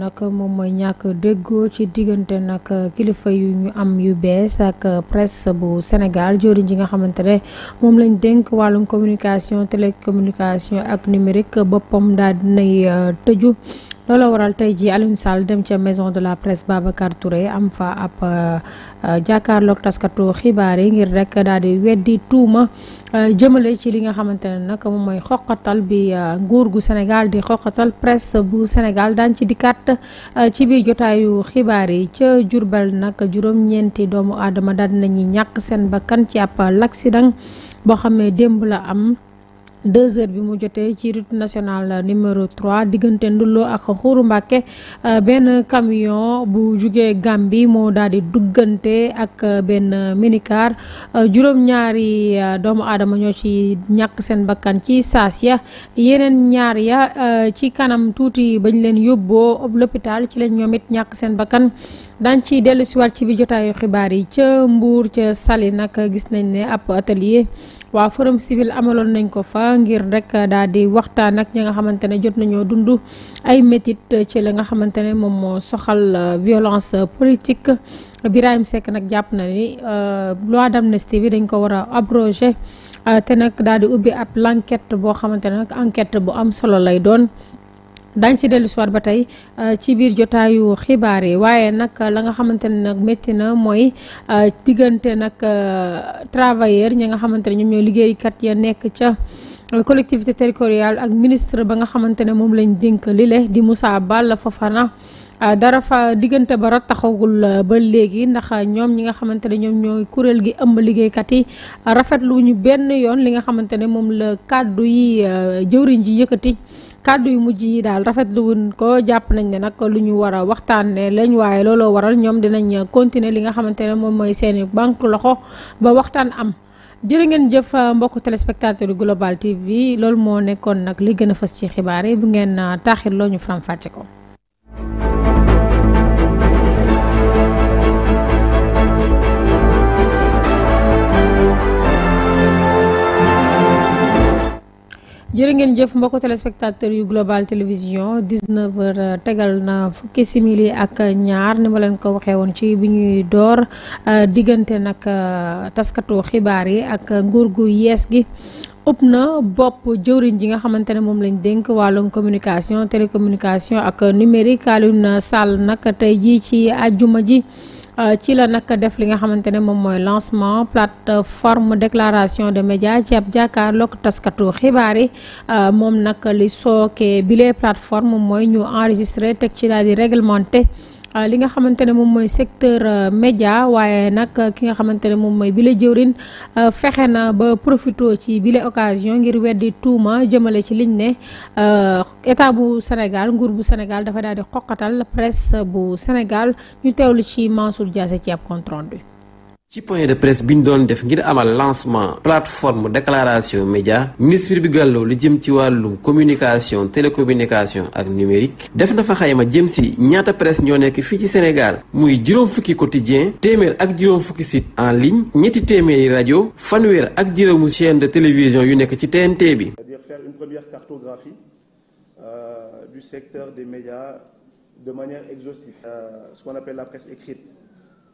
nag moom mooy ñàkk déggoo ci diggante nag kilifa yu ñu am yu bees ak presse bu Sénégal jëwriñ ji nga xamante ne moom lañ dénk wàllum communication télécommunication ak numérique boppam daal dinay euh, tëju looloo waral tey jii Alioune dem ca maison de la presse Babacar Touré am fa ab euh, euh, jàkkaarloog taskatu xibaar yi ngir rek daal di weddi tuuma euh, jëmale ci li nga xamante ne nag moom mooy xoqatal bi nguur gu Sénégal di xoqatal presse bu Sénégal daan ci di dikkaat ci biir jotaayu xibaar yi ca jurbal nag juróom-ñeenti doomu aadama daal nañuy ñàkk seen bakkan ci ab l'accident boo xam démb la am. deux heures bi mu jotee ci route nationale numéro 3 diggante Ndullo ak Xuuru Mbàkke euh, benn camion bu jugee Gambie moo daal di duggante ak euh, benn minicar euh, juróom-ñaari doomu aadama ñoo ci ñàkk seen bakkan ci saas ya yeneen ñaar ya ci kanam tuuti bañ leen yóbboo ob l'hôpital ci lañ ñoom it ñàkk seen bakkan dañ ci dellu siwaat ci bi jotaayu xibaar yi ca Mbuur ca Sali nag gis nañ ne ab atelier waa forum civil amaloon nañ ko fa ngir rek daal di waxtaan ak ñi nga xamante ne jot nañoo dund ay métit ci li nga xamante ne moom moo soxal euh, violence politique Birahim Seck nag jàpp na ni euh, loi d'amnistie bi dañ ko war a abroger euh, te nag daal di ubbi ab l'enquête boo xamante ne nag enquête bu am solo lay doon daañ si dellu soir ba tey euh, ci biir jotaayu xibaar yi waaye nag la nga xamante ne nag métti na mooy euh, diggante nag euh, travailleur ñi nga xamante ne ñoom ñoo liggéeykat ya nekk ca collectivité territoriale ak ministre ba nga xamante ne moom lañ dénk lile di Moussa Balla Fofana dara fa diggante ba rattaxagul ba léegi ndax ñoom ñi nga xamante ne ñoom ñooy kuréel gi ëmb liggéeykat yi rafetlu ñu benn yoon li nga xamante ne moom la kàddu yi jëwriñ ji yëkkati kàddu yu mujj yi daal rafetlu wuñ ko jàpp nañ ne nag lu ñu war a waxtaanee lañ waaye looloo waral ñoom dinañ continuer li nga xamante ne moom mooy seeni banque loxo ba waxtaan am jërë ngeen jëf mbokku téléspectateur Global TV loolu moo nekkoon nag li gën a fës ci xibaar yi bu ngeen taaxir loo ñu faram fàcce ko. jërë ngeen jëf mbokku téléspectateur yu global télévision 19h euh, tegal na fukki simili ak ñaar ni ma leen ko waxee woon ci bi ñuy door euh, diggante nag euh, taskatu xibaar yi ak nguur gu yees gi. ëpp na bopp jëwriñ ji nga xamante ne moom lañ dénk wàllum communication télécommunication ak numérique Alioune Sall nag tey jii ci àjjuma ji. Euh, ci la nak def li nga xamantene mom moy lancement plateforme déclaration de médias ci ab jàkkaarloog taskatu xibaar yi euh, mom n'a li bi bile plateformes moy ñu enregistrer tek ci daal di réglementé. Euh, li nga xamante ne moom mooy secteur euh, média waaye nag euh, ki nga xamante ne moom mooy bile jëwrin fexe na ba profito ci bile occasion ngir weddi tuuma jëmale ci liñ ne état bu Sénégal nguur bu Sénégal dafa daal di xoqatal bu Sénégal ñu teewlu ci Mansour Diassé ci ab compte bi ci point de presse biñ ñu doon def ngir amal lancement plateforme déclaration média ministre bi gallo lu jëm ci la communication télécommunication ak numérique def na fa xayma jëm ci ñaata presse ñoo nekk fi ci Sénégal muy juróom fukki quotidien téeméer ak juróom fukki site en ligne ñetti téeméeri radio, fanweer ak juróomu chaîne de télévision yu nekk ci TNT bi. c'est-à-dire faire une première cartographie euh, du secteur des médias de manière exhaustive. Euh, ce qu'on appelle la presse écrite.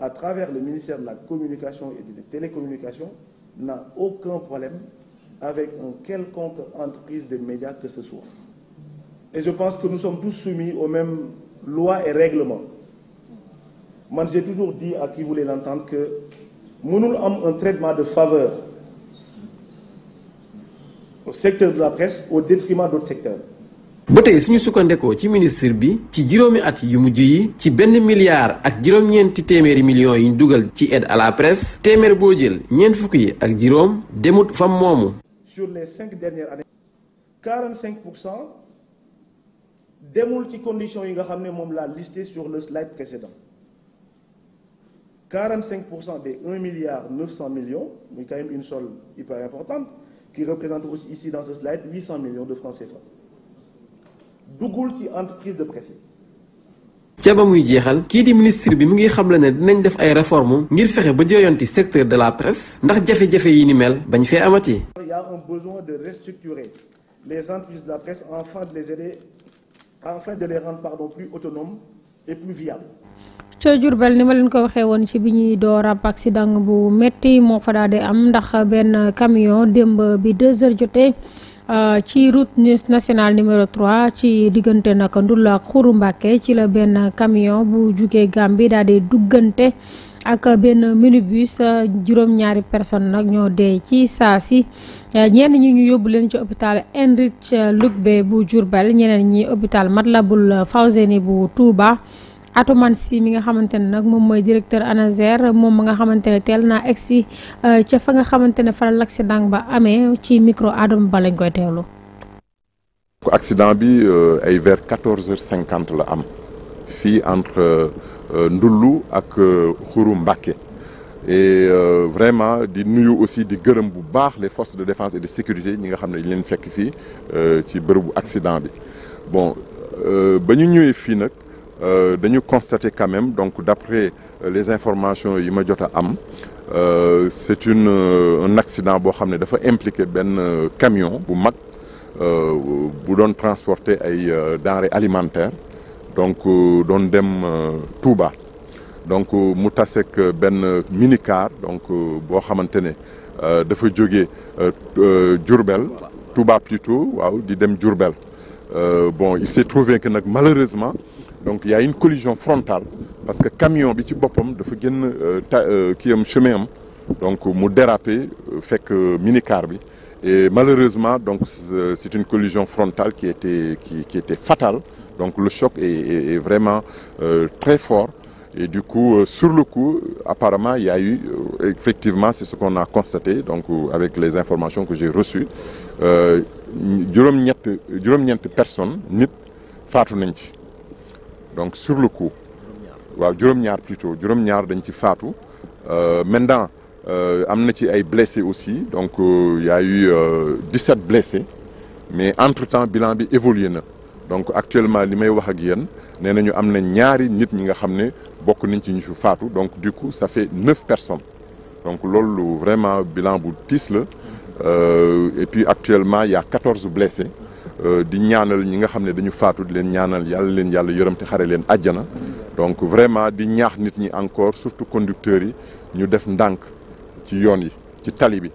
à travers le ministère de la Communication et des Télécommunications, n'a aucun problème avec une quelconque entreprise de médias que ce soit. Et je pense que nous sommes tous soumis aux mêmes lois et règlements. Moi, j'ai toujours dit à qui voulait l'entendre que nous avons un traitement de faveur au secteur de la presse au détriment d'autres secteurs ba tey suñu sukkandekoo ci ministre bi ci juróomi at yu mujj yi ci benn milliard ak juróom-ñeenti téeméeri millions yi ñu dugal ci aide à la presse téeméer boo jël ñeent fukk yi ak juróom demut fam moomu. sur les cinq dernières années. 45 pour cent demul ci conditions yi nga xam ne moom laa listé sur le slide précédent 45 pour cent des 1 milliard 900 millions muy quand même une somme hyper importante qui représente aussi ici dans ce slide 800 millions de francs CFA dugul ci entreprise de presse ci ba muy jeexal kii di ministre bi mu ngi xam la ne dinañ def ay réformes ngir fexe ba jëyanti secteur de la presse ndax jafe-jafe yi ni mel bañ fee amati. il y a un besoin de restructurer les entreprises de la presse afin de les aider afin de les rendre pardon plus autonomes et plus viables. ca Diourbel ni ma leen ko waxee woon ci bi ñuy door ab accident bu metti moo fa daal di am ndax benn camion démb bi deux heures jotee. Euh, ci route nationale numéro 3 ci diggante nag Ndoulo ak Khourou Mbacké ci la benn camion bu jugee Gambie daal di duggante ak benn minibus euh, juróom-ñaari personne nag ñoo dee ci saa si euh, ñenn ñi ñu yóbbu leen ci hôpital Heinrich Lubbe bu Diourbel ñeneen ñi hôpital Matlaboul Fawzeyni bu Touba. Atoman si mi nga xamantene nak mom moy directeur ANASER mom nga xamantene ne teel naa egg euh, fa nga xamantene ne faral l'accident ba amé ci micro Adam ba lañ koy teelu ko accident bi euh, ay vers 14 h 50 la am fi entre euh, Ndullu ak Khourou Mbàkke et vraiment di nuyu aussi di gërëm bu baax les forces de défense et de sécurité ñi nga xam ñu leen fekk fi ci bërëbu accident bi bon bañu ñu fi nak nous euh, constater quand même donc d'après euh, les informations yi ma euh, c'est un accident qui a impliqué dafa impliquer ben camion bu mag bu doon transporter ay denrées alimentaires donc dans dem Touba donc mu ben mini minicar donc boo xamante ne dafa jóge Jourbel Touba plutôt ou di dem Euh, bon il s'est trouvé que malheureusement donc il y a une collision frontale parce que camion bi ci boppam euh, euh, chemin am donc dérapé que mini et malheureusement donc euh, c'est une collision frontale qui était qui, était fatale donc le choc est, vraiment très fort et du coup, sur le coup, apparemment, il y a eu, effectivement, c'est ce qu'on a constaté, donc avec les informations que j'ai reçues, juróom personnes donc sur le coup du juróom-ñaar plutôt euh, maintenant euh amna ci ay blessés aussi donc il euh, y a eu 17 euh, blessés mais entre temps bilan bi évolué donc actuellement li may wax ak yéen ñaari donc du coup ça fait 9 personnes donc loolu vraiment bilan bu et puis actuellement il y a 14 blessés euh, di ñaanal ñi nga xam ne dañu faatu di leen ñaanal yàlla leen yàlla yërëm te xare leen àjjana donc vraiment di ñaax nit ñi encore surtout conducteurs yi ñu def ndànk ci yoon yi ci tali bi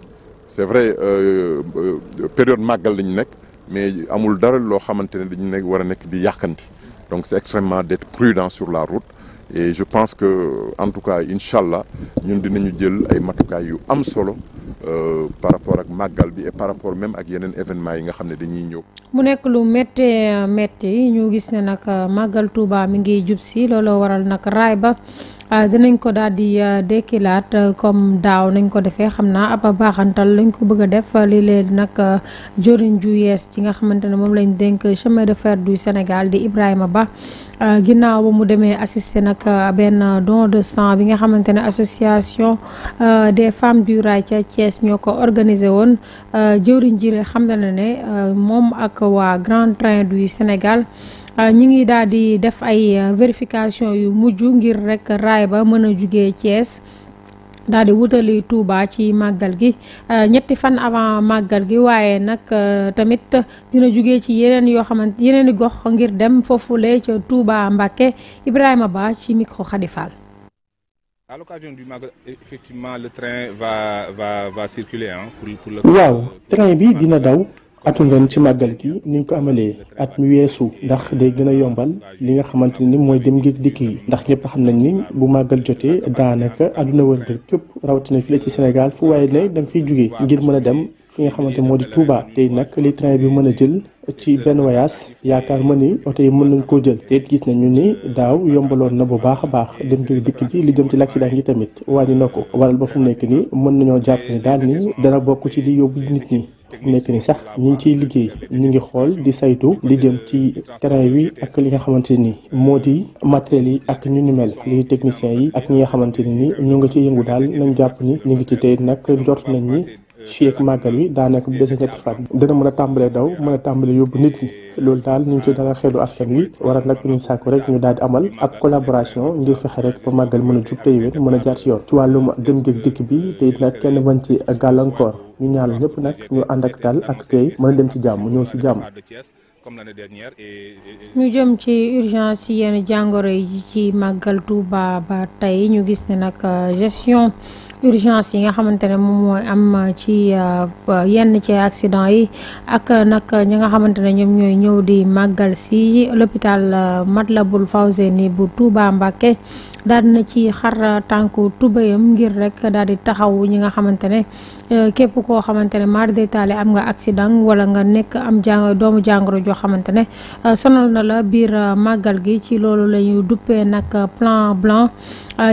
c'est vrai euh, euh, période màggal lañu nekk mais amul dara loo xamante ne dañu nekk war a nekk di yàqanti donc c'est extrêmement d'être prudent sur la route et je pense que en tout cas incha ñun dinañu jël ay matukaay yu am solo euh, par rapport à Magalbi et par rapport même à yenen événement yi nga xamné dañuy ñëw. mu nek lu metti nous ñu gis né nak euh, Magal Touba mi ngi si waral nak ba. Euh, dinañ ko daal di euh, dekkilaat euh, comme daaw nañ ko defee xam naa ab baaxantal lañ ko bëgg a def lii leen nag joriñ ju yees ci nga xamante ne moom lañ dénk chemin de faire du Sénégal di Ibrahima Ba ginnaaw ba mu demee assister nag benn don de sang bi nga xamante ne association des femmes du rail ca Thiès ñoo ko organisé woon jëwriñ ji xam na ne moom ak waa Grand Train du Sénégal Euh, ñi ngi daal di def ay euh, vérification yu mujj ngir rekk raay ba mën a jugee Thiès. daal di wutali Touba ci màggal gi euh, ñetti fan avant màggal gi waaye nag tamit dina jugee ci yeneen yoo xamante yeneen i gox ngir dem foofule ca Touba Mbacké Ibrahima Ba ci micro Khady Fall. à l'occasion du màggal effectivement le train va va circuler hein train bi dina daw atum ren ci màggal gi niñ ko amalee at mu weesu ndax day gën a yombal li nga xamante ni mooy dem ngeeg dikk yi ndax ñëpp xam nañ ni bu màggal jotee daanaka àdduna wërngal képp rawatina fii la ci Sénégal fu waaye ne da nga fiy jóge ngir mën a dem fi nga xamante moo di Touba tey nag li train bi mën a jël ci benn voyage yaakaar ma ni oto yi mën nañ koo jël te it gis nañu ni daaw yombaloon na bu baax a baax dem ngir dikk bi li jëm ci l'accident yi tamit wàññi na ko waral ba fu mu nekk nii mën nañoo jàpp ni daal ni dana bokk ci li yóbbu nit ñi. nekk ni sax ñu ngi ciy liggéey ñu ngi xool di saytu di jëm ci terrain wi ak li nga xamante ni moo di matériel yi ak ñu ñu mel li techniciens yi ak ñi nga xamante ni ñu nga ci yëngu daal nañ jàpp ni ñu ngi ci tey nag jort nañ ni fii ak màggal wi daanaka bu desee ñetti fan dina mën a tàmbalee daw mën a tàmbalee yóbbu nit ñi loolu daal ñu ngi ci dara xelu askan wi waral nag ñu sàkku rek ñu daal di amal ab collaboration ngir fexe rek ba màggal mën a jub tey wéen mën a jaar ci yoon ci wàllum gëm gëg dikk bi te it nag kenn bañ ci gàllankoor ñu ñaanal ñëpp nag ñu ànd ak daal ak tey mën a dem ci jàmm ñëw ci jàmm ñu jëm ci urgence yenn jàngoro yi ci màggal Tuuba ba tey ñu gis ne nag euh, urgence yi nga xamante ne moom mooy am ci euh, yenn ci accident yi ak nag ñi nga xamante ne ñoom ñooy ñëw di màggal si l'hôpital euh, Matlaboul ni bu Touba Mbacké daal dina ci xar tànku tubéyam ngir rek daal di taxaw ñi nga xamante ne euh, képp koo xamante ne maar détaillé am nga accident wala nga nekk am jàng doomu jàngoro joo xamante ne euh, sonal na la biir euh, màggal gi ci loolu la ñu duppee nag plan blanc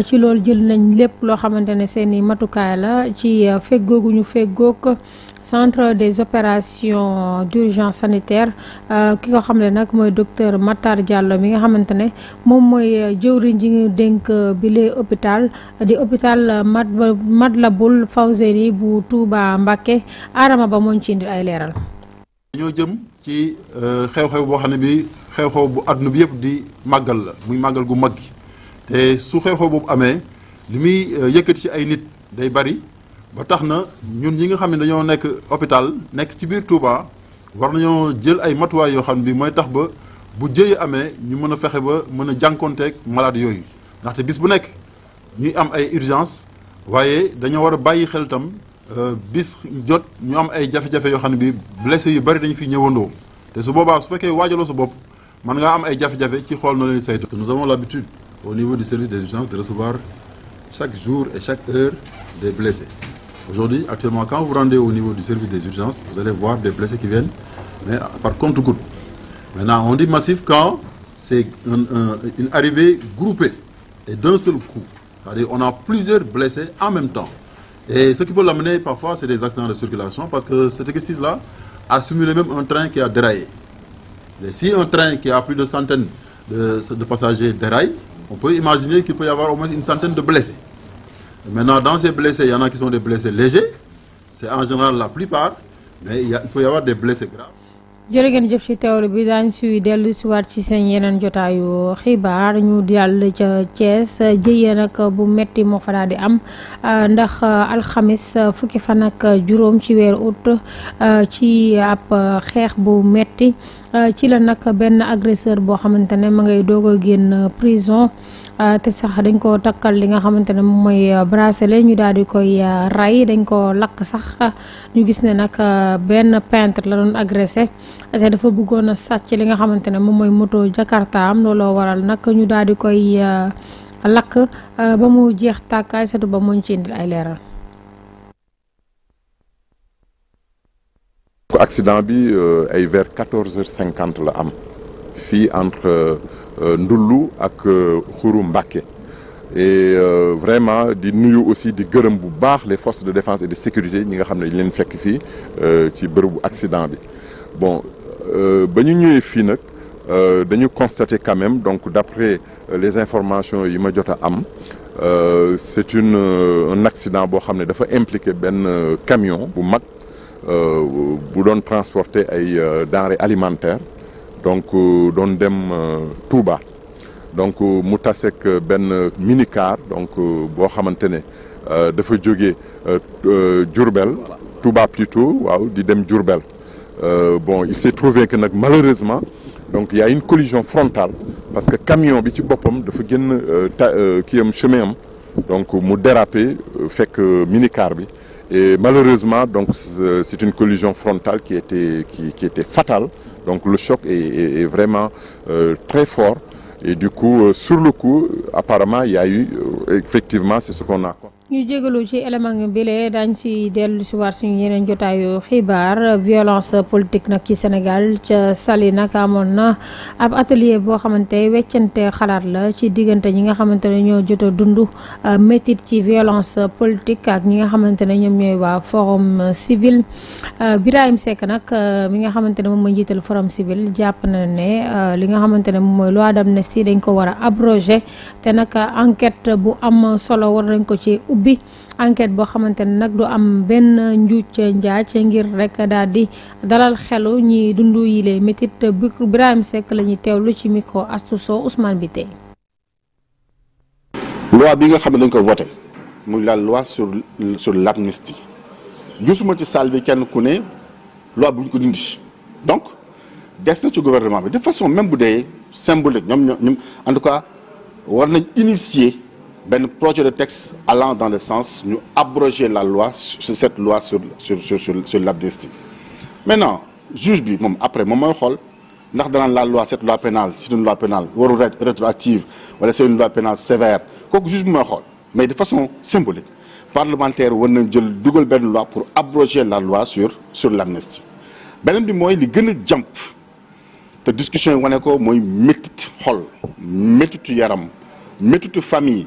ci loolu jël nañ lépp loo xamante ne seen i matukaay la ci fegoogu ñu feggoog centre des opérations d'urgence sanitaire euh, ki nga xamné nak moy docteur Matar Diallo mi nga xamante mom moy mooy euh, ji ngi denk bi lé hôpital di hôpital euh, Matlaboul Fawzeyni bu Touba Mbacké Arama Ba mon ci indil ay léral dañoo jëm ci xew-xew bo xamné bi xew-xew bu àdduna bi yépp di magal la muy magal gu maggi té su xew-xew boobu amé limi yëkëti ci ay nit day bari ba tax na ñun ñi nga xam ne dañoo nekk hôpital nekk ci biir Touba war nañoo jël ay matuwaay yoo xam ne bi mooy tax ba bu jëy amee ñu mën a fexe ba mën a jànkonteeg malade yooyu ndaxte bis bu nekk ñuy am ay urgence waaye dañoo war a bàyyi xel itam euh, bis jot ñu am ay jafe-jafe yoo xam ne bi blessé yu bari dañu fi ñëwandoo te su boobaa su fekkee waajaloo sa bopp man ngaa am ay jafe-jafe ci xool na leen saytu. nous avons l'habitude au niveau du service des urgences de recevoir chaque jour et chaque heure des blessés Aujourd'hui, actuellement, quand vous rendez au niveau du service des urgences, vous allez voir des blessés qui viennent, mais par contre coup. Maintenant, on dit massif quand c'est une arrivée groupée et d'un seul coup. C'est-à-dire on a plusieurs blessés en même temps. Et ce qui peut l'amener parfois, c'est des accidents de circulation parce que cette exercice-là a simulé même un train qui a déraillé. Mais si un train qui a plus de centaines de, de passagers déraille, on peut imaginer qu'il peut y avoir au moins une centaine de blessés. Maintenant, dans ces blessés, il y en a qui sont des blessés légers. C'est en général la plupart. Mais il, y a, il peut y avoir des blessés graves. jërëjëf ci teewlu bi daañu suy dellu si waat ci seen yeneen jotaayu xibaar ñu jàll ca Thiès jëyee nag bu metti moo fa daal di am ndax alxamis fukki fan ak juróom ci weeru août ci ab xeex bu metti ci la nag benn agresseur boo xamante ne ma ngay doog a génn prison. Ah, te sax dañ ko takkal li nga xamante ne moom mooy ah, bracelet ñu daal di koy ah, ray dañ ko lakk sax ñu gis ne nag benn peintre la doon agressé te dafa bëggoon sàcc li nga xamante ne moom mooy moto Jakarta am looloo waral nag ñu daal di koy lakk ba mu jeex tàkkaay surtout ba mooñ ci indil ay leeral. accident bi euh, ay vers am Euh, Ndoulou ak euh, Khourou Mbake. et euh, vraiment nous nuyu aussi di les forces de défense et de sécurité qui nga été ne leen fekk ci accident bi bon ba ñu ñëwee de constater quand même donc d'après les informations yi ma c'est un accident qui implique un impliqué camion bu mag bu transporter des denrées alimentaires donc euh, doon dem euh, Touba donc euh, mu ben mini minicar donc bo xamantene dafa jóge djourbel Touba plutôt waaw di dem djourbel bon il s'est trouvé que malheureusement donc il y a une collision frontale parce que camion bi ci bopam dafa genn ki am chemin donc mu dérapé mini minicar bi et malheureusement donc c'est une collision frontale qui était qui qui était fatale donc le choc est, vraiment euh, très fort. Et du coup, euh, sur le coup, apparemment, il y a eu, euh, effectivement, c'est ce qu'on a ñu jégalu ci élément bile daañ si dellu si waat suñu yeneen jotaayu xibaar violence politique nag ci Sénégal ca Saly nag amoon na ab atelier boo xamante weccante xalaat la ci diggante ñi nga xamante ne ñoo jot dund euh, métit ci violence politique ak ñi nga xamante ne ñoom ñooy waa forum civil euh, Birahim Seck nag euh, mi nga xamante ne moom mooy njiital forum civil jàpp na ne li nga xamante ne moom mooy loi d'amnistie dañ ko war a abroger te nag enquête bu am solo war nañ ko ci ubbi enquête boo xamante ne nag du am benn njuuc njaac ngir rek daal di dalal xelu ñi dundu yile métit bi Birahim Seck la ñuy teewlu ci micro Astou Sow Ousmane Biteye. loi bi nga xam ne dañ ko voté mu la loi sur sur l'amnistie gisuma ci salle bi kenn ku ne loi buñ ko dindi donc des na ci gouvernement bi de façon même bu dee symbolique ñoom ñoom en war nañ initier. un projet de texte allant dans le sens nous abroger la loi sur cette loi sur sur sur sur, l'amnistie maintenant juge bi mom après moom xol ndax dans la loi cette loi pénale c'est une loi pénale ou rétroactive wala c'est une loi pénale sévère Kok juge bi mooy mais de façon symbolique parlementaire war nañ jël dougal la loi pour abroger la loi sur sur l'amnistie Benen bi moy li gëna a te discussion woné ko moy métit xol métitu yaram famille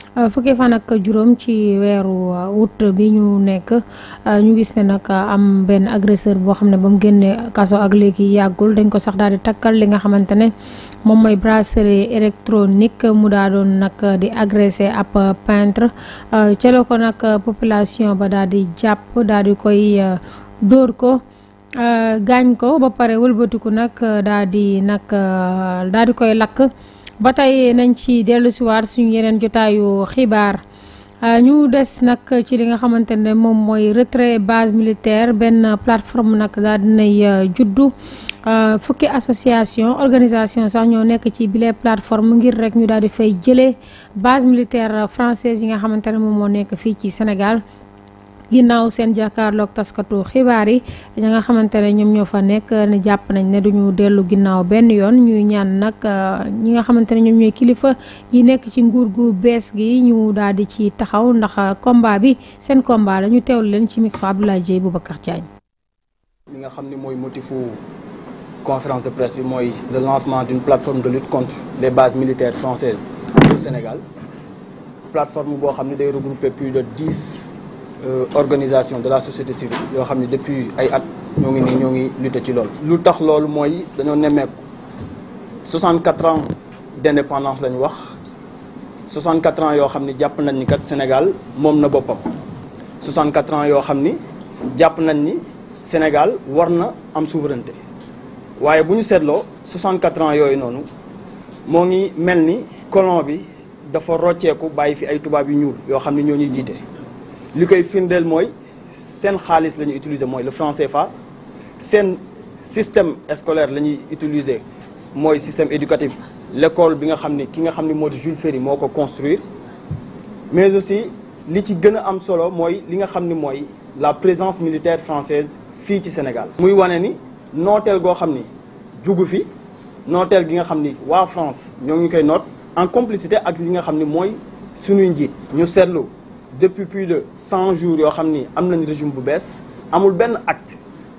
Euh, fukki fa ak juróom ci weeru euh, août bi ñu nekk euh, ñu gis ne nag am benn agresseur boo xam ne ba mu génnee kaso ak léegi yàggul dañ ko sax daal di takkal li nga xamante ne moom mooy bracelet électronique mu daa doon nag di agressé ab peintre ca ko nag population ba daal di jàpp daal di koy dóor ko gaañ ko ba pare wëlbatiku nag daal di nag daal di koy lakk. ba tey nañ ci dellusiwaat suñu yeneen jotaayu xibaar ah, ñu des nag ci li nga xamante ne moom mooy retrait base militaire benn plateforme nag daal dinay euh, juddu ah, fukki association organisation sax ñoo nekk ci bile plateforme ngir rek ñu daal di fay jëlee base militaire française yi nga xamante ne moom moo nekk fii ci Sénégal. ginnaaw seen jàkkaarloog taskatu xibaar yi ñi nga xamante ne ñoom ñoo fa nekk ne jàpp nañ ne duñu dellu ginnaaw benn yoon ñuy ñaan nag euh, ñi nga xamante ne ñoom ñooy kilifa yi nekk ci nguur gu bees gi ñu dal di ci taxaw ndax euh, combat bi seen combat la ñu teewlu leen ci micro Abdoulaye Dieye Boubacar Diagne. li nga xam ni mooy motifu conférence de presse bi mooy le lancement d'une plateforme de lutte contre les bases militaires françaises au Sénégal plateforme boo Euh, organisation de la société civile yo xamni depuis ay at ñoo ngi nii ñoo ngi lutter ci lool lu tax lool moy dañu nemmeeku 64 ans d'indépendance lañ wax 64 ans yo xamni japp nañ ni kat Sénégal mom na bopam 64 ans yo xamni japp nañ ni Sénégal warna am souveraineté waye buñu sétlo seetloo 64 ans yoy nonu mo ngi melni colon bi dafa rocceeku bàyyi fi ay tubaab yu ñuul yo xamni ñoo ñuy jiite li koy firndeel mooy seen xaalis la ñuy utiliser mooy le franc CFA seen système scolaire la ñuy utiliser mooy système éducatif l'école bi nga xam ni ki nga xam ni Jules Ferry moo ko construire mais aussi li ci gën a am solo mooy li nga xam ni la présence militaire française fii ci Sénégal muy wane ni nooteel goo xam ni jugu fi nooteel gi nga xam ni France ñoo ngi koy noot en complicité ak li nga xam ni mooy suñuy ñu seetlu depuis plus de 100 jours yoo xam ni am nañ régime bu bees amul acte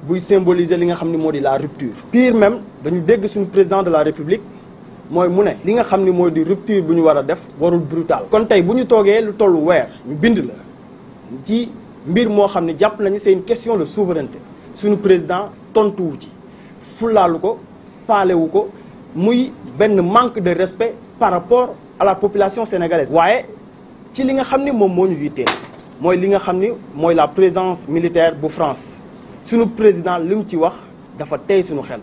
buy symboliser li nga xam la rupture. pire même dañu dégg suñu président de la république moy muné li nga xamni ni di rupture buñu wara def warul brutal. kon tay buñu togué lu tollu weer ñu bind la ci mbir mo xamni japp nañu c'est une question de souveraineté suñu président tontuwu ci fulaalu ko wu ko muy ben manque de respect par rapport à la population sénégalaise waye ci li nga xamni mom moñu moo moy li nga xamni moy la présence militaire bu France suñu président li ci wax dafa tay suñu xel.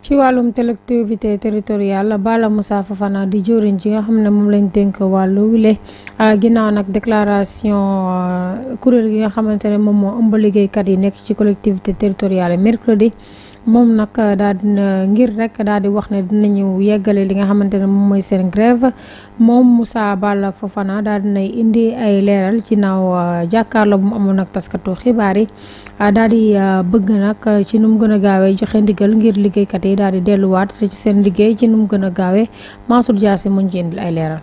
ci walum collectivité territoriale Bala Moussa Fofana di jëwriñ ci nga xam ne moom lañ dénk wàllu wile ah, ginaaw nak déclaration euh, kuréel gi nga xamantene mom mo moo ëmb liggéeykat yi nek ci collectivité territoriale mercredi moom nag daal dina ngir rek daal di wax ne dinañu yeggale li nga xamante ne moom mooy seen grève moom Moussa Balla Fofana daal dinay indi ay leeral ci naaw euh, jàkkaarloo bu mu amoon ak taskatu xibaar yi euh, daal di euh, bëgg nag ci nu mu gën a gaawee joxe ndigal ngir liggéeykat yi daal di delluwaat ci seen liggéey ci nu mu gën a gaawee Mansour Dia si muñ ci indil ay leeral.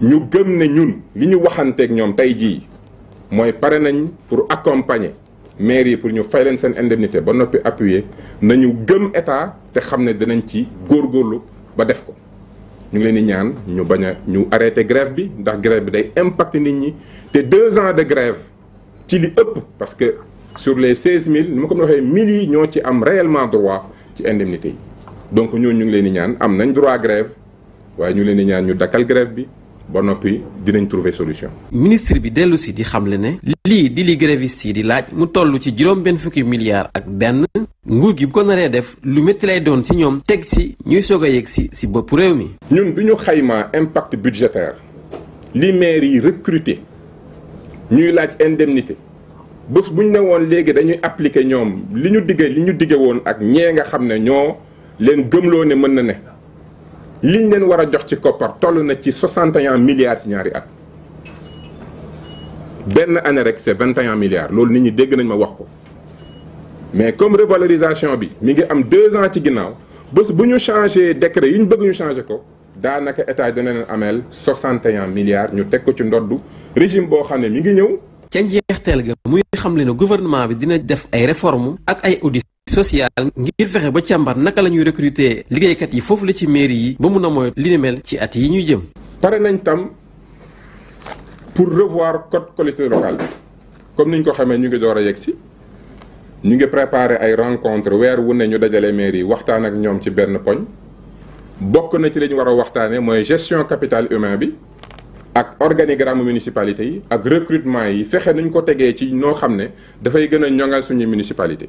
ñu gëm ne ñun li ñu ak ñoom tey jii mooy pare nañ pour accompagner maire yi pour ñu fay leen seen indemnité ba noppi appuyer nañu gëm état te xam ne dinañ ci góorgóorlu ba def ko ñu ngi leen di ñaan ñu bañ a ñu arrêté grève bi ndax grève bi day impact nit ñi te deux ans de grève ci li ëpp parce que sur les seize mille ni ma ko waxee mille yi ñoo ci am réellement droit ci indemnité yi donc ñooñu ñu ngi leen di ñaan am nañ droit grève waaye ñu leen di ñaan ñu dakkal grève bi ba noppi dinañ trouver solution. ministre bi dellu ci di xamle ne. li di li grévistes di laaj mu tollu ci juroom ben fukki milliards ak ben nguur gi bu ko naree def lu metti lay doon ci ñoom teg si ñuy soog a yegg si si bopp réew mi. ñun bi ñu xaymaa impact budgétaire li maire yi recruter ñuy laaj indemnité bés buñ ñu ne woon léegi dañuy appliquer ñoom li ñu diggee li ñu diggee woon ak ñee nga xam ne ñoo leen gëmloo ne mën na ne liñ leen war a jox ci koppar toll na ci 61 milliards ci ñaari at benn année rek c'est 21 milliards loolu nit ñi dégg nañ ma wax ko mais comme revalorisation bi mi ngi am deux ans ci ginnaaw bés bu ñu changé décret yi ñu bëgg ñu changé ko daanaka état dana leen ameel 61 milliards ñu teg ko ci ndoddu régime boo xam ne mi ngi ñëw. ca njeexteel ga muy xam ne gouvernement bi dina def ay réformes ak ay audits social ngir fexé ba càmbar naka lañuy recruter recruter kat yi fofu la ci mairie yi ba mun a li ni mel ci at yi ñuy jëm. paré nañ tam pour revoir code collectivité local comme niñ ko xamé ñu ngi doora a ñu ngi préparer ay rencontre weer wu ne ñu dajalé mairie yi waxtaan ak ñom ci benn poñ bokk na ci li wara war moy gestion capital humain bi. ak organigramme municipalité yi ak recrutement yi fexé nuñ ko téggé ci no xamné da fay gëna ñongal suñu municipalité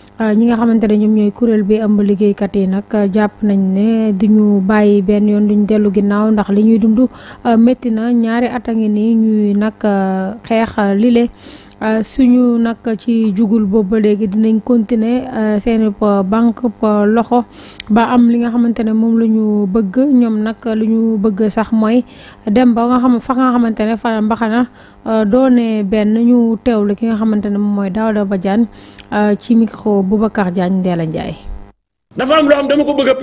Euh, ñi nga xamante ne ñoom ñooy kuréel bi ëmb liggéeykat yi nag euh, jàpp nañ ne duñu bàyyi benn yoon duñ dellu ginnaaw ndax li ñuy dund euh, métti na ñaari at a ngi nii ñuy nag xeex lile Euh, suñu nag ci jugul boobu ba léegi dinañ continuer euh, seen banque loxo ba am li nga xamante ne moom la ñu bëgg ñoom nag lu ñu bëgg sax mooy dem ba nga xam fa nga xamante ne fa mbaxana euh, doone benn ñu teewlu ki nga xamante ne moom mooy ba Badiane ci micro Boubacar Diagne Ndéla Ndiaye. dafa am loo xam dama ko bëgg a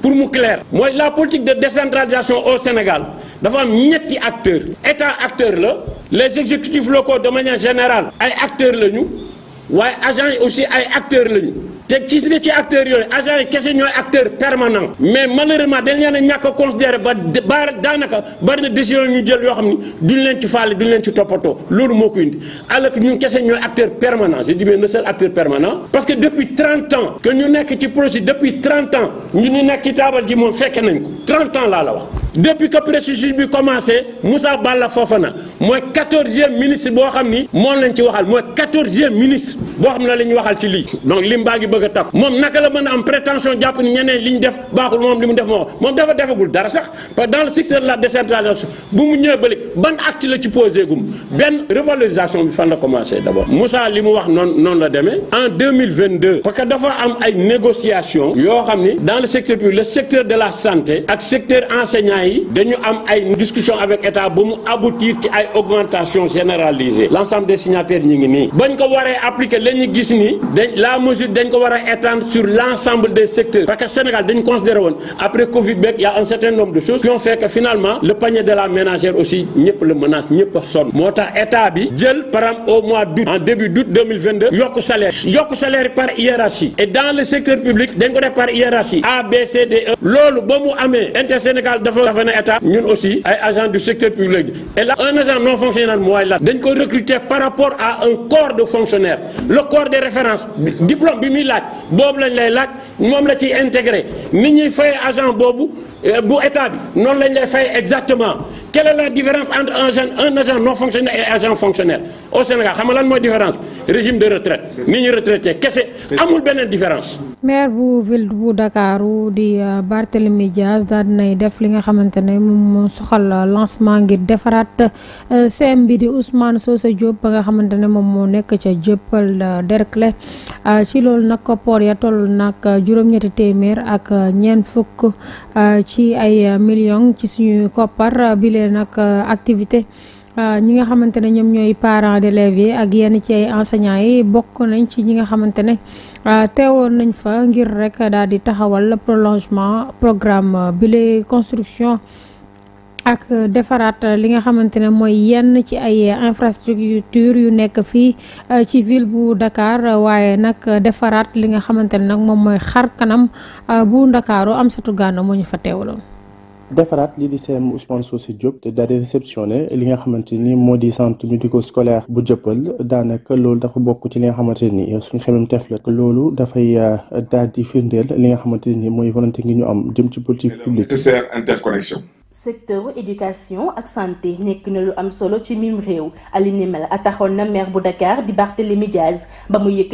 pour mu clair. mooy la politique de décentralisation au Sénégal. Nous am ñetti acteur acteurs. acteur les exécutifs locaux de manière générale sont acteurs. Les agents aussi sont acteurs là te ci nga ci acteur yooyu agent kessé ñoy acteur permanent mais malheureusement dañ leen a considérer ba ba daanaka bari na décision ñu jël yo xamni duñ leen ci fàlle duñ leen ci toppatoo lolu moko indi alors que ñun kese ñooy acteur permanent je dis mais le seul acteur permanent parce que depuis 30 ans que ñu nekk ci processus depuis 30 ans ñu ñu nekk ci table ji moom fekke nañ ko 30 ans la la wax depuis que processus bi commencé Moussa Balla Fofana 14e ministre bo xamni mo lañ ci waxal moy 14e ministre bo xamna lañ waxal ci li donc lim bëgg a takk naka la mën am prétention japp ni ñeneen liñ def baaxul mom limu def moo mom dafa defagul dara sax parce dans le secteur de la décentralisation bu mu ñëwee bële ban acte la ci poser gum ben revalorisation bi fan la commencé d'abord. Moussa limu wax non la démé en 2022 parce que dafa am ay négociations yo xamni dans le secteur public le secteur de la santé ak secteur enseignant yi dañu am ay discussion avec état bu mu aboutir ci ay augmentation généralisée L'ensemble des signataires ñi ngi ni bañ ko waré appliquer la gis ni la mesure dañ ko étendre sur l'ensemble des secteurs parce que Sénégal d'une considéré après Covid il y' a un certain nombre de choses qui ont fait que finalement le panier de la ménagère aussi pas le menace n'y a son. personne. état bi jël par au mois d'août, en début d'août août 2022 un salaire Un salaire par hiérarchie et dans le secteur public dañ ko par hiérarchie A B C D E loolu ba mu amé, inter Sénégal dafa dafa un état aussi ay agents du secteur public et là un agent non fonctionnel, mooy la a ko recruter par rapport à un corps de fonctionnaires le corps de référence diplôme bimila, Bob le lañ lay lac mom la ci intégré ni ñi fay agent Bobu euh, bu état bi non lañ lay fay exactement quelle est la différence entre un agent un agent non fonctionnaire et agent fonctionnaire au Sénégal xam nga lan différence régime de retraite ni ñi retraité kese amul benen différence. maire bu ville bu dakar di euh, Barthélémy Dias da dinay def li nga xamantene mom soxal euh, lancement ngir defarat c'est bi di Ousmane Socé Diop nga xamantene mom mo moo nekk ca Jëppal Derklé ci loolu nak koppoor ya toll nag juróom-ñetti téeméer ak ñeent fukk euh, ci ay millions ci suñu koppar euh, bi leen nag euh, activité ñi nga xamante ne ñoom ñooy parent d'élèves yi ak yenn ci ay enseignants yi bokk nañ ci ñi nga xamante ne teewoon nañ fa ngir rek daal di taxawal prolongement programme bi la construction ak defaraat li nga xamante ne mooy yenn ci ay infrastructure yu nekk fii euh, ci ville bu Dakar waaye nag defaraat li nga xamante ne nag moom mooy xar kanam euh, bu Ndakaaru am satu gaana moo ñu fa teewaloon. defaraat lii di CEM Ousmane Socé Diop te daal li nga xamante ni moo di centre médico-scolaire bu jëppal daanaka loolu dafa bokk ci li nga xamante ni suñu xelum teef loolu dafay euh, daal di firndeel li nga xamante nii mooy volonté ngi ñu am jëm ci politique publique. nécessaire interconnexion. secteur éducation ak santé nek na lu am solo ci mim rew ali ni mel na maire bu Dakar di Barthélémy Diaz ba mu ay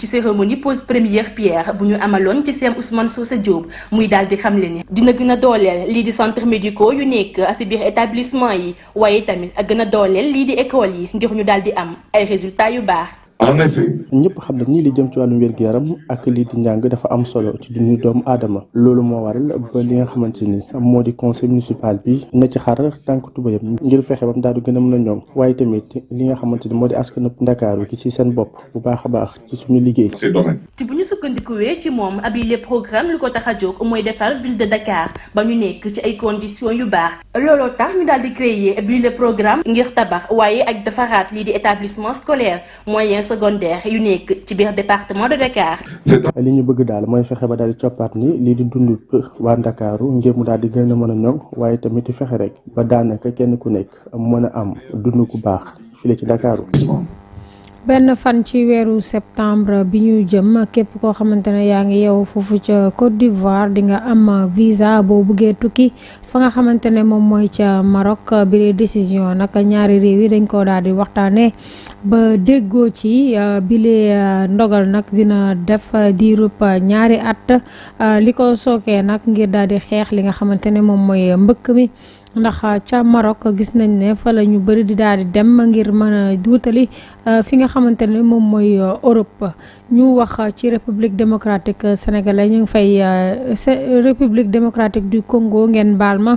ci cérémonie pose première pierre bu ñu amaloon ci CEM Ousmane Socé Diop muy daal di d'une dina gëna dolel li di centre médicaux yu à si biir établissement yi waaye tamit gën a dolel li di école yi ngir ñu am ay résultats yu baax en effet. ñëpp xam ne ni li jëm ci walu wér-gu-yaram ak li di njàng dafa am solo ci dundu doomu adama. loolu moo waral ba li nga xamante ni moo di conseil municipal bi na ci xar tànk tubayam ngir fexe bam daal di gën a mën a ñoom waaye tamit li nga xamante ni moo di askan ndakaaru ci seen bopp bu baax a baax ci suñu liggéey. ci bu ñu sukkandikuwee ci moom ab yile programme lu ko tax a jóg mooy defar ville de Dakar ba ñu nekk ci ay conditions yu baax looloo tax ñu daal di créer ab yile programme ngir tabax waaye ak defaraat lii di établissement scolaire moyen secondaire ci biir département de li ñu bëgg daal mooy fexe ba daal di coppaat ni lii di dund waa Ndakaaru ngir mu daal di gën a mën a ñoŋ waaye tamit fexe rek ba daanaka kenn ku nekk mën a am dund ku baax fii ci Ndakaaru. benn fan ci weeru septembre bi ñu jëm képp koo xamante ne yaa ngi yow foofu ca Côte d'Ivoire di nga am visa boo buggee tukki fa nga xamante ne moom mooy ca Maroc bi lee décision nag ñaari réew yi dañ ko daal di waxtaanee ba déggoo ci bi lee ndogal nag dina def diirub ñaari at li ko sookee nag ngir daal di xeex li nga xamante ne moom mooy mbëkk mi ndax euh, ca Maroc gis nañ ne fa la ñu bëri di daal di dem ngir mën a wutali euh, fi nga xamante ne moom mooy euh, Europe ñu wax ci république democratique sénégalaise ñu ngi fay euh, république democratique du Congo ngeen baal ma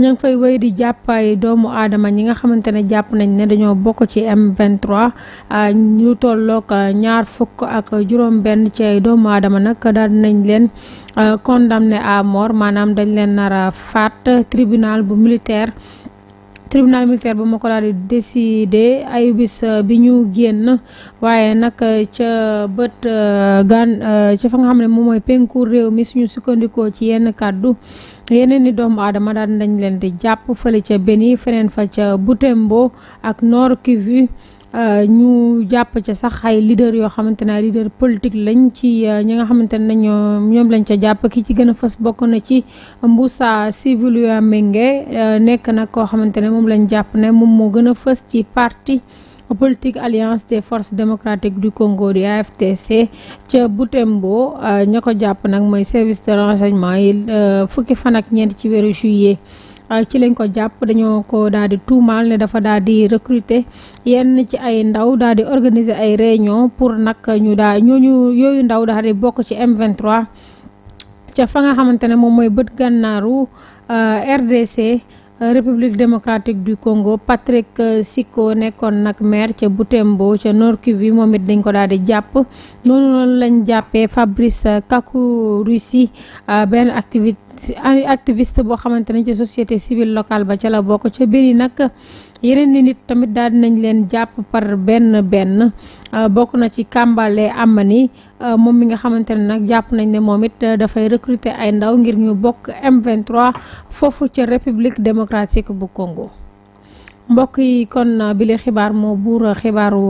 ñu ngi fay wéy di jàpp doomu aadama ñi nga xamante ne jàpp nañ ne dañoo bokk ci M23 euh, ñu tollook euh, ñaar fukk ak juróom-benn ci ay doomu aadama nag daal nañ leen condamné à mort maanaam dañ leen nar a faat tribunal bu militaire. tribunal militaire bu Makola di décidé ay bis euh, bi ñu génn waaye nag euh, ca bët euh, gan ca fa nga xam ne moom mooy penku réew mi suñu sukkandikoo ci yenn kàddu yeneen ni doomu aadama daan dañ leen di jàpp fële ca Beni feneen fa ca Butembo ak Nord Kivu Euh, ñu jàpp ca sax ay leader yoo xamante ne ay leader politique lañ ci euh, ñi nga xamante ne ñoo ñoom lañ ca jàpp ki ci gën a fës bokk na ci Moussa Sivilia Mengue euh, nekk nag koo xamante ne moom lañ jàpp ne moom moo gën a fës ci parti politique alliance des forces démocratiques du Congo di AFTC ca Butembo ña ko jàpp nag mooy service de renseignement yi fukki fan ak ñeent ci weeru juillet. Ah, ci lañ ko jàpp dañoo ko daal di tuumaal ne dafa daal di recruter yenn ci ay ndaw daal di organiser ay réunion pour nag ñu daa ñooñu yooyu ndaw daal bokk ci M23 ca fa nga xamante ne moom mooy bët gànnaaru ah, RDC. république démocratique du Congo Patrick euh, Siko nekkoon nag maire ca Butembo ca Nord Kivu moom it dañ ko daal di jàpp noonu noonu lañ jàppee Fabrice Kakurusi euh, benn activiste activiste boo xamante ne ca société civile locale ba ca la bokk ca biir nag yeneen ni nit tamit daal di nañ leen jàpp par benn benn euh, bokk na ci Kambale Amani Euh, moom mi nga xamante ne nag jàpp nañ ne moom it euh, dafay recruter ay ndaw ngir ñu bokk M23 foofu ca République démocratique bu kongo mbokk yi kon euh, bile xibaar moo buur xibaaru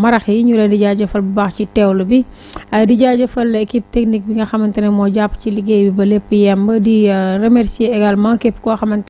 marax yi ñu leen di jaajëfal bu baax ci teewlu bi di jaajëfal équipe technique bi nga xamante ne moo jàpp ci liggéey bi ba lépp yemb di remercier également képp koo xamante